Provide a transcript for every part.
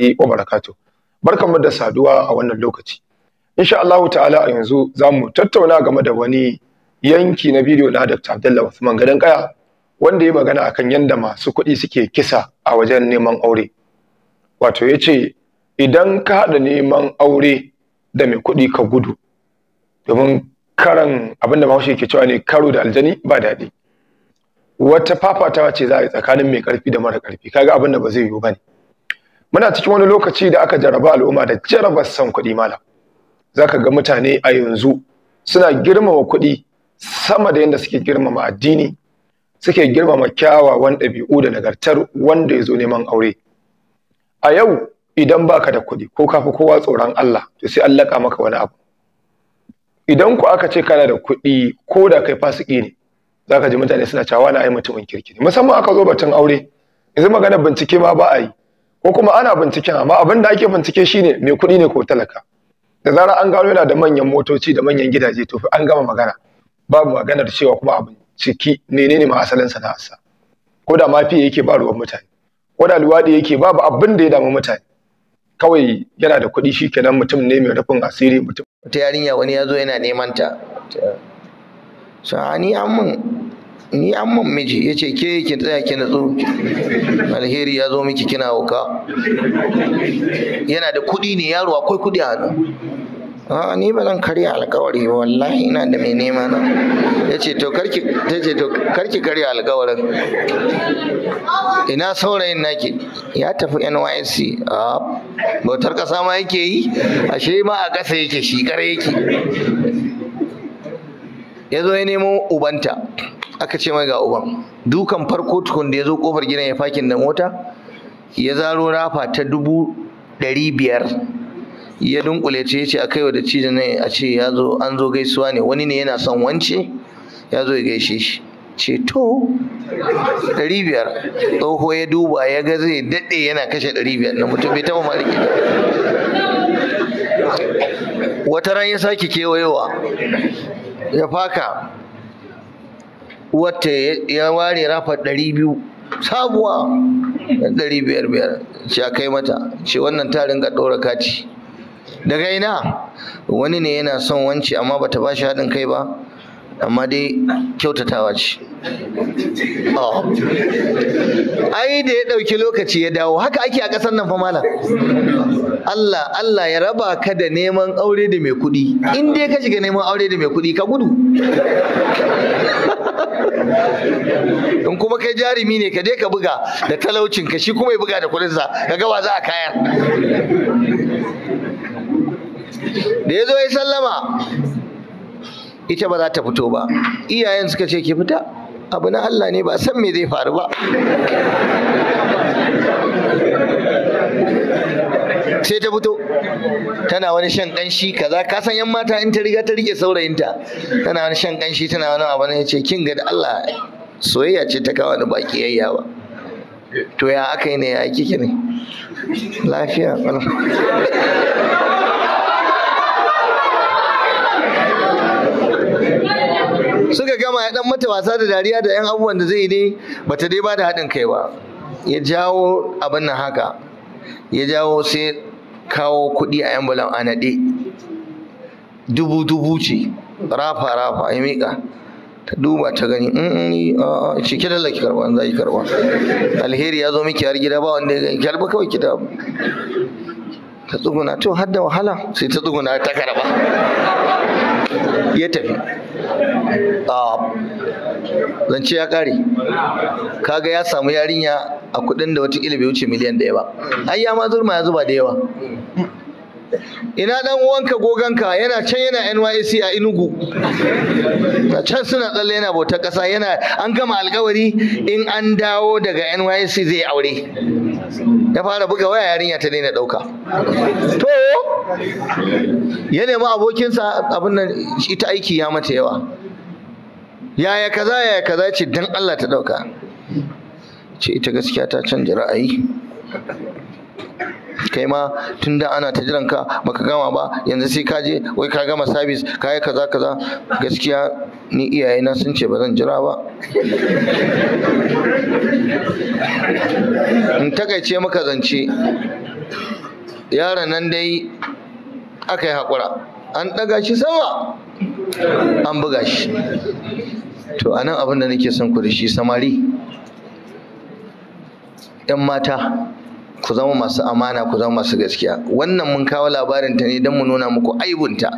E, wa Barkan barkanmu da saduwa a wannan lokaci insha Allah ta'ala a yanzu zamu tattauna game da wani yanki na bidiyo na Dr. Abdullah Usman Gadan Kaya wanda ya magana akan yanda masu kuɗi suke kisa a wajen neman aure wato yace idan ka hada neman aure da mai kuɗi ka gudu domin karan abinda Bahaushe ke cewa ne karo da aljani ba daɗi wata fafatawa ce za a yi tsakanin mai ƙarfi da mara ƙarfi kaga abin da ba zai yiwu ba ne muna cikin wani lokaci da aka jaraba al'umma da jarabar san kuɗi malam zaka ga mutane a yanzu suna girmama kuɗi sama da yadda suke girmama addini suke girmama kyawawan ɗabi'u da nagartar wanda ya zo neman aure a yau idan baka da kuɗi ko kafi kowa tsoron Allah to sai Allah ka maka wani abu idan ku aka ce kana da kuɗi ko da kai fasiki ne zaka ji mutane suna cewa na ai mutumin kirki musamman aka zo batun aure yanzu magana bincike ma ba a yi ko kuma ana binciken amma abin da ake bincike shine mai kuɗi ne ko talaka da zarar an gano yana da manyan motoci da manyan gidaje to an gama magana babu maganar cewa kuma abin ciki menene ma asalin sana'arsa ko da mafi yake ba ruwan mutane ko da luwaɗi yake babu abin da ya damu mutane kawai yana da kuɗi shi kenan mutum ne mai rufin asiri mutum wata yarinya wani ya zo yana neman ta so ni an man miji ya ce ke yake tsaya ki natsu alheri ya zo miki kina wuka yana da kuɗi ne yaro akwai kuɗi a hannu a ni ba zan karya alkawari ba wallahi ina da mai nema na ya ce to karki ta ce to karki karya alkawarin ina saurayin naki ya tafi NYSC a bautar kasa ma yake yi ashe ma a kasa yake shi kare yake ya zo ya nemo ubanta aka ce mai ga uban dukan farko tukun da ya zo kofar gidan ya fakin da mota ya zaro rafa ta dubu ɗari biyar ya dunkule ce ce a kai wa da cijin nan a ce ya zo an zo gaisuwa ne wani ne yana son wance ya zo ya gaishe shi ce to ɗari biyar tsoho ya duba ya ga zai daɗe yana kashe ɗari biyar na mutum bai taɓa maliki wata ran ya sake kewayewa ya faka wata ya ware rafa ɗari biyu sabuwa ɗari biyar biyar ce kai mata ce wannan ta ringa ɗora kati daga ina wani ne yana son wance amma ba ta ba shi haɗin kai ba amma dai kyautatawa ce oh. ai da ya ɗauki lokaci ya dawo haka ake a ƙasar nan fa malam Allah Allah ya raba ka da neman aure da mai kuɗi in dai ka shiga neman aure da mai kuɗi ka gudu in kuma kai jarumi ne ka je ka buga da talaucin ka shi kuma ya buga da kudinsa ka ga za a kayar da ya zo ya sallama ita ba za ta fito ba iyayen suka ce ki fita abu na Allah ne ba san me zai faru ba sai ta fito tana wani shan kanshi kaza ka san yan mata in ta riga ta rike saurayinta tana wani shan kanshi tana wani abu ne ce kin ga da Allah soyayya ce ta kawo ni baki kiyayya ba to ya aka yi ne ya kike ne lafiya suka gama ya dan mata wasa da dariya da yan abubuwan da zai ne bata dai ba da haɗin kai ba ya jawo abin nan haka ya jawo sai kawo kuɗi a envelope a naɗe dubu dubu ce rafa rafa ya miƙa ta duba ta gani in mm, mm, yi a ce ki dalla ki karba za ki karɓa. alheri ya zo miki har gida ba wanda ya karɓa kawai ki ta ta tsuguna to har da wahala sai ta tsuguna ta karɓa. ya tafi zance ya ƙare kaga ya samu yarinya a kudin da watakila bai wuce miliyan ɗaya ba ai ya ma zurma ya zuba da yawa ina dan uwanka goganka yana can yana NYC a Enugu can suna tsalle yana bauta kasa yana an gama alkawari in an dawo daga NYC zai aure ya fara buga waya yarinya ta daina dauka to ya nemi abokinsa abin nan ita aiki ya mata yawa yaya kaza yaya kaza ce dan Allah ta dauka ce ita gaskiya ta canja ra'ayi kai ma tun da ana ta jiran ka baka gama ba yanzu sai ka je wai ka gama sabis ka yi kaza kaza gaskiya ni iyayena sun ce ba zan jira ba in takaice maka zance yaron nan dai aka yi haƙura an ɗaga shi sama an buga shi to anan abin da nake son ku da shi samari 'yan mata ku zama masu amana ku zama masu gaskiya wannan mun kawo labarin ta ne don mu nuna muku aibunta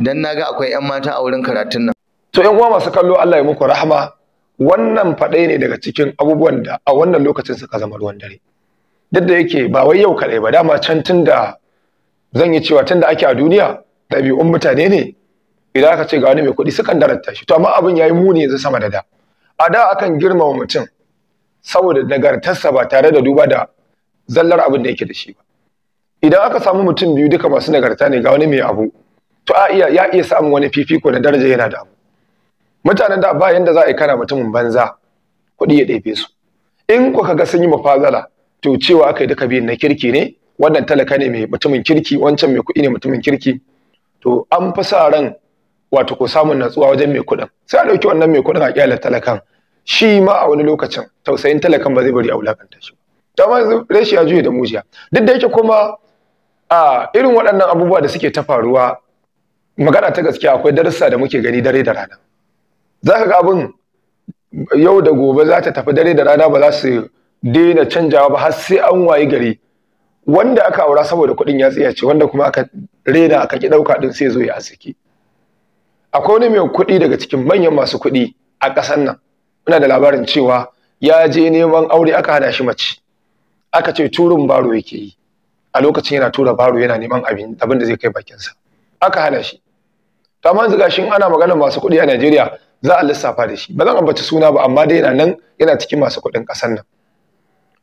don na ga akwai 'yan mata a wurin karatun nan. to yan uwa masu kallo Allah ya muku rahama wannan faɗai ne daga cikin abubuwan da a wannan lokacin suka zama ruwan dare duk da yake ba wai yau kaɗai ba dama can tun da zan yi cewa tun da ake a duniya ɗabi'un mutane ne idan aka ce ga wani mai kuɗi sukan darata shi to amma abin ya yi muni yanzu sama da da a da akan girmama mutum saboda nagartarsa ba tare da duba da zallar abin da yake da shi ba idan aka samu mutum biyu duka masu nagarta ne ga wani mai abu to a iya ya iya samun wani fifiko na daraja yana da abu mutanen da ba yanda za a yi kana mutumin banza kuɗi ya ɗefe su in ku ga sun yi mafazala to cewa aka yi duka biyun na kirki ne wannan talaka ne mai mutumin kirki wancan mai kuɗi ne mutumin kirki to an fi sa ran wato ko samun natsuwa wajen mai kuɗin sai a ɗauki wannan mai kuɗin a ƙyalar talakan shi ma a wani lokacin tausayin talakan ba zai bari a wulakanta shi ta ma rashi ya juye da mujiya duk da yake kuma a irin waɗannan abubuwa da suke ta faruwa magana ta gaskiya akwai darussa da muke gani dare da rana za ka ga abin yau da gobe za ta tafi dare da rana ba za su daina canjawa ba har sai an wayi gari wanda aka aura saboda kuɗin ya tsiya ce wanda kuma aka rena aka ki ɗauka ɗin sai zo ya asiki akwai wani mai kuɗi daga cikin manyan masu kuɗi a ƙasar nan Muna da labarin cewa ya je neman aure aka hana shi mace aka ce turun baro yake yi a lokacin yana tura baro yana neman abin abin da zai kai bakinsa aka hana shi to amma yanzu gashin ana maganar masu kuɗi a Najeriya za a lissafa da shi ba zan ambaci suna ba amma dai yana nan yana cikin masu kuɗin ƙasar nan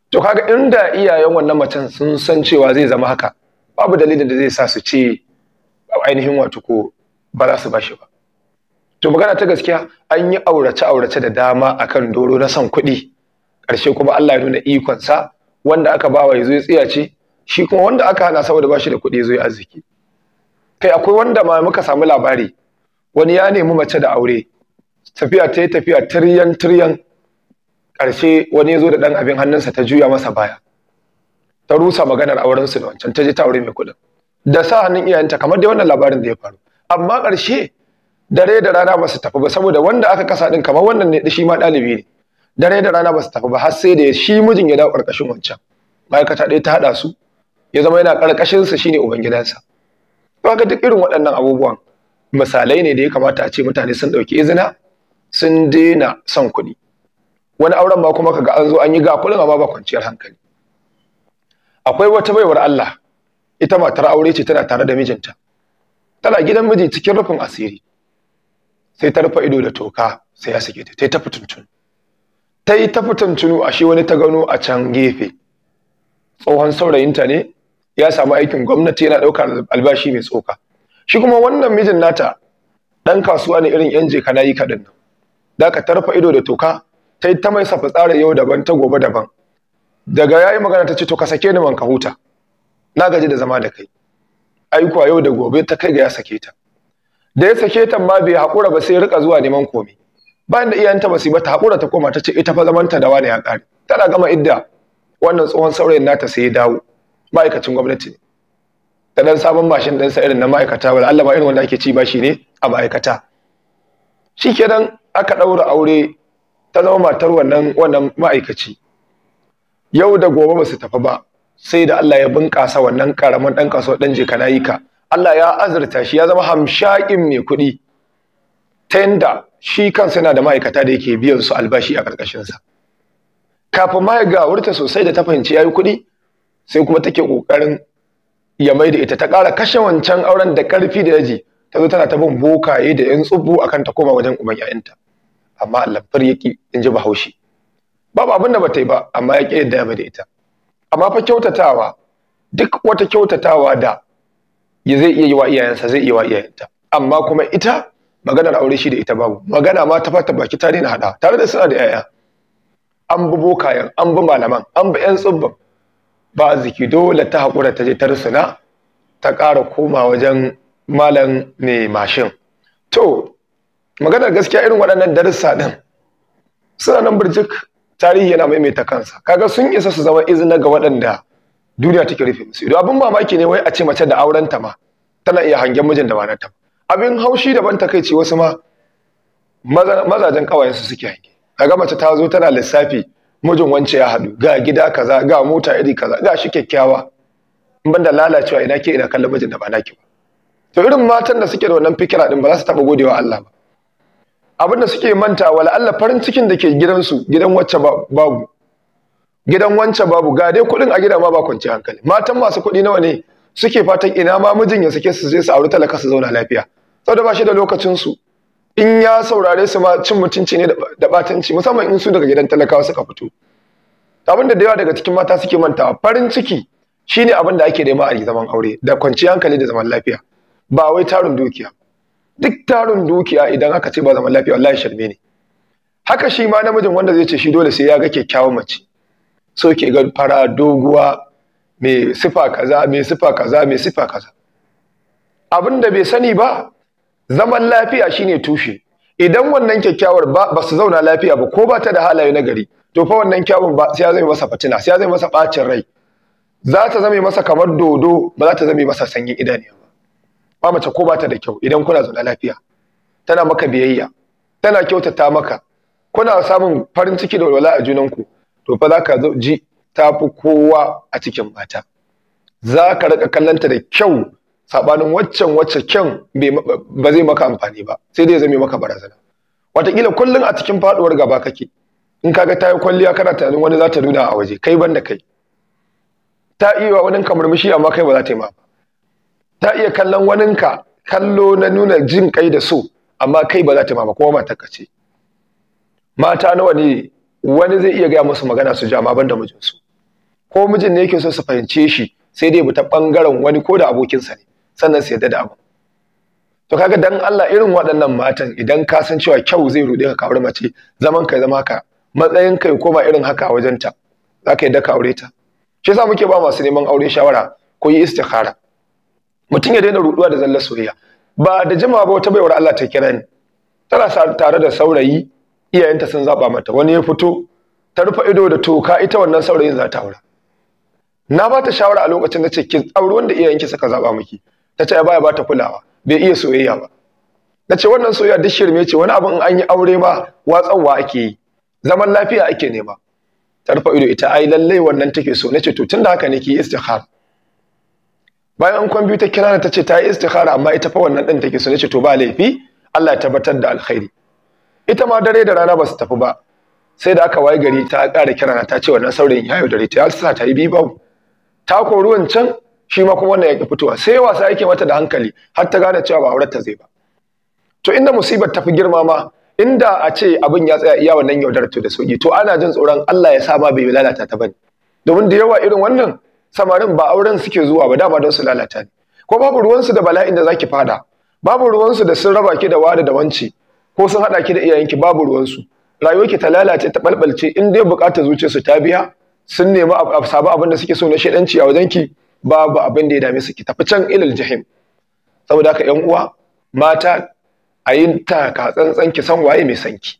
to kaga inda iyayen wannan macen sun san cewa zai zama haka babu dalilin da zai sa su ce ainihin wato ko ba za su bashi ba to magana ta gaskiya an yi aurace aurace da dama akan doro na son kuɗi ƙarshe kuma Allah ya nuna ikonsa wanda aka bawa zo ya tsiyace shi kuma wanda aka hana saboda bashi da kuɗi yazo ya arziki kai akwai wanda ma muka samu labari wani ya nemi mace da aure tafiya ta yi tafiya tiryan tiryan ƙarshe wani ya zo da ɗan abin hannunsa ta juya masa baya ta rusa maganar su da wancan ta je ta aure mai kuɗin da sa hannun iyayenta kamar dai wannan labarin da ya faru amma ƙarshe dare da rana ba su tafi ba saboda wanda aka kasa ɗin kamar wannan ne shi ma ɗalibi ne dare da rana ba su tafi ba har sai da shi mijin ya dawo ƙarƙashin wancan ma'aikata ɗaya ta haɗa su ya zama yana ƙarƙashinsa shine ubangidansa to ga duk irin waɗannan abubuwan misalai ne da ya kamata a ce mutane sun ɗauki izina sun daina son kuɗi wani auren ma kuma kaga an zo an yi ga kulun amma ba kwanciyar hankali akwai wata baiwar Allah ita matar aure ce tana tare da mijinta tana gidan miji cikin rufin asiri sai ta rufe ido da toka sai ya sake ta sai ta fituntun ta yi ta fitantunu ashe wani ta gano a can gefe tsohon saurayinta ne ya samu aikin gwamnati yana ɗaukar albashi mai tsoka shi kuma wannan mijin nata Dan kasuwa ne irin yan jeka nayi kaɗin nan da ka tarfa ido da toka ta yi ta mai safa tsara yau daban ta gobe daban daga yayi magana ta ce to ka sake ni man ka huta na gaji da zama da kai aikuwa yau da gobe ta kai ga ya sake ta da ya sake ta ma bai haƙura ba sai rika zuwa neman komai bayan da iyayenta ba su ba ta haƙura ta koma ta ce ita fa zamanta da wani ya ƙare tana gama idda wannan tsohon saurayin nata sai ya dawo ma'aikacin gwamnati ne da dan sabon mashin sa irin na ma'aikata wala Allah ba irin wanda ake ci bashi ne a ma'aikata shikenan aka ɗaura aure ta zama matar wannan wannan ma'aikaci yau da gobe ba su tafi ba sai da Allah ya bunƙasa wannan ƙaramin ɗan kasuwa ɗan yi ka. Allah ya azurta shi ya zama hamshakin mai kuɗi ta shi kansa yana da ma'aikata da yake biyan su albashi a ƙarƙashinsa kafin ma sosai da ta fahimci yayi kuɗi sai kuma take ƙoƙarin ya mai da ita ta ƙara kashe wancan auren da ƙarfi da yaji ta zo tana ta bin bokaye da yan tsubu akan ta koma wajen uban 'ya'yanta amma alfar yaki in ji bahaushe babu abin da bata yi ba amma ya ƙi yadda ya da ita amma fa kyautatawa duk wata kyautatawa da zai iya yi wa iyayensa zai iya wa iyayenta amma kuma ita maganar aure shi da ita babu magana ma ta fata baki ta na hada tare da suna da yaya an bi bokayen an bi malaman an bi yan tsubban ba ziki dole ta hakura ta je ta rusuna ta ƙara koma wajen malam ne mashin to maganar gaskiya irin waɗannan darussa din suna nan birjik tarihi yana maimaita kansa kaga sun isa su zama izina ga waɗanda duniya take rufe musu idan abin mamaki ne wai a ce mace da aurenta ma tana iya hangen mijin da ba ta ba abin haushi daban takaici wasu ma mazajen kawayensu suke hange ga mace ta zo tana lissafi mijin wance ya haɗu ga gida kaza ga mota iri kaza ga shi kyakkyawa in banda lalacewa ina ke ina kallon mijin da ba naki ba to irin matan da suke da wannan fikira din ba za su taɓa godewa Allah ba abin da suke manta wala Allah farin cikin da ke gidansu gidan wacce babu gidan wance babu ga dai kuɗin a gida ma ba kwanci hankali matan masu kuɗi nawa ne suke fatan ina ma mijin ya sake su je su auri talaka su zauna lafiya saboda ba shi da lokacinsu in ya saurare su ma cin mutunci ne da batanci musamman in su daga gidan talakawa suka fito Abin da yawa daga cikin mata suke mantawa farin ciki shine abin da ake nema a zaman aure da kwanciyar hankali da zaman lafiya ba wai tarin dukiya duk tarin dukiya idan aka ce ba zaman lafiya wallahi sharme ne haka shi ma namijin wanda zai ce shi dole sai ya ga kyakkyawan mace so ke ga fara doguwa mai sifa kaza mai sifa kaza mai sifa kaza abin da bai sani ba zaman lafiya shine tushe idan wannan kyakkyawar ba su zauna lafiya ba ko ba ta da halaye na gari to fa wannan kyawun ba sai ya zame masa fatina sai ya zame masa bacin rai za ta zame masa kamar dodo ba za ta zame masa sanyin idaniya ba ba mace ko ba ta da kyau idan kuna zauna lafiya tana maka biyayya tana kyautata maka kuna samun farin ciki da walwala a junanku to fa za ka ji tafi kowa a cikin mata za ka riƙa kallonta da kyau sabanin waccan wacce kyan ba zai maka amfani ba sai dai ya zame maka barazana wataƙila kullum a cikin faduwar gaba kake in kaga ta yi kwalliya kana tunanin wani za ta nuna a waje kai banda kai ta iya wani kamar mishi, amma kai ba za ta yi ma ba ta iya kallon waninka kallo na nuna jin kai da so amma kai ba za ta yi ma ba kuma mata ce mata nawa ne wani zai iya gaya musu magana su jama ma banda mijinsu ko mijin ne yake so su fahimce shi sai dai bi ta bangaren wani ko da abokinsa ne sannan su yadda da abu to kaga dan Allah irin waɗannan matan idan ka san cewa kyau zai rude ka kawar mace zaman kai zama haka matsayin kai koma irin haka wajen ta zaka yadda ka aure ta shi yasa muke ba masu neman aure shawara ko yi istikhara mutum ya daina ruɗuwa da zallar soyayya ba da jimawa ba wata baiwar Allah ta kira ni tana tare da saurayi iyayenta sun zaba mata wani ya fito ta rufe ido da toka ita wannan saurayin za ta aura na ba ta shawara a lokacin da ce ki aure wanda iyayenki suka zaɓa miki ta ce baya ba ta kulawa bai iya soyayya ba na ce wannan soyayya duk shirme ce wani abin an yi aure ma watsawa ake yi zaman lafiya ake nema ta rufe ido ita ai lallai wannan take so na ce to tunda haka ne ki istikhar bayan an kwamfuta kira ta ce ta yi istikhara amma ita fa wannan din take so na ce to ba laifi Allah ya tabbatar da alkhairi ita ma dare da rana ba su tafi ba sai da aka waye gari ta kara kira ta ce wannan saurayin ya dare ta ya sa ta yi bibau ta ruwan can. shi ma kuma wannan ya fitowa sai wasa yake mata da hankali har ta gane cewa ba auren ta zai ba to inda musibar ta fi girma ma inda a ce abin ya tsaya iya wannan yaudar to da sauki to ana jin tsoron Allah ya sa ma bai lalata ta bane domin da yawa irin wannan samarin ba auren suke zuwa ba dama don su lalata ne ko babu ruwansu da bala'in da zaki fada babu ruwansu da sun raba ki da wada da wanci ko sun hada ki da iyayenki babu ruwansu rayuwarki ta lalace ta balbalce in ya bukatar zuciyarsu ta biya sun nemi a sabu abin da suke so na shedanci a wajenki babu abin da ya dame su ki tafi can ilal jahim saboda haka ƴan uwa mata a yi taka tsantsan ki san waye mai sanki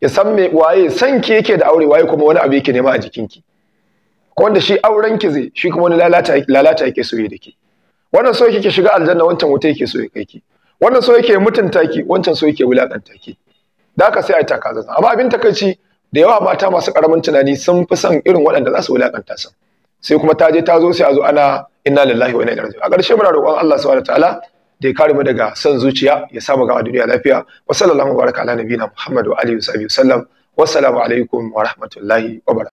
ya san me waye sanki yake da aure waye kuma wani abu yake nema a jikinki ko wanda shi auren ki zai shi kuma wani lalata lalata yake so da ke wannan so yake shiga aljanna wancan wuta yake so ya kai ki wannan so yake mutunta ki wancan so yake wulakanta ki da haka sai a yi taka tsantsan amma abin takaici da yawa mata masu karamin tunani sun fi son irin waɗanda za su wulakanta su sai kuma ta je ta zo sai a zo ana inna lillahi wa inna ilaihi a ƙarshe muna roƙon Allah subhanahu wataala da ya kare mu daga son zuciya ya sa mu ga duniya lafiya wa sallallahu baraka ala nabiyina Muhammad wa alihi wa sahbihi wassalamu alaikum wa rahmatullahi wa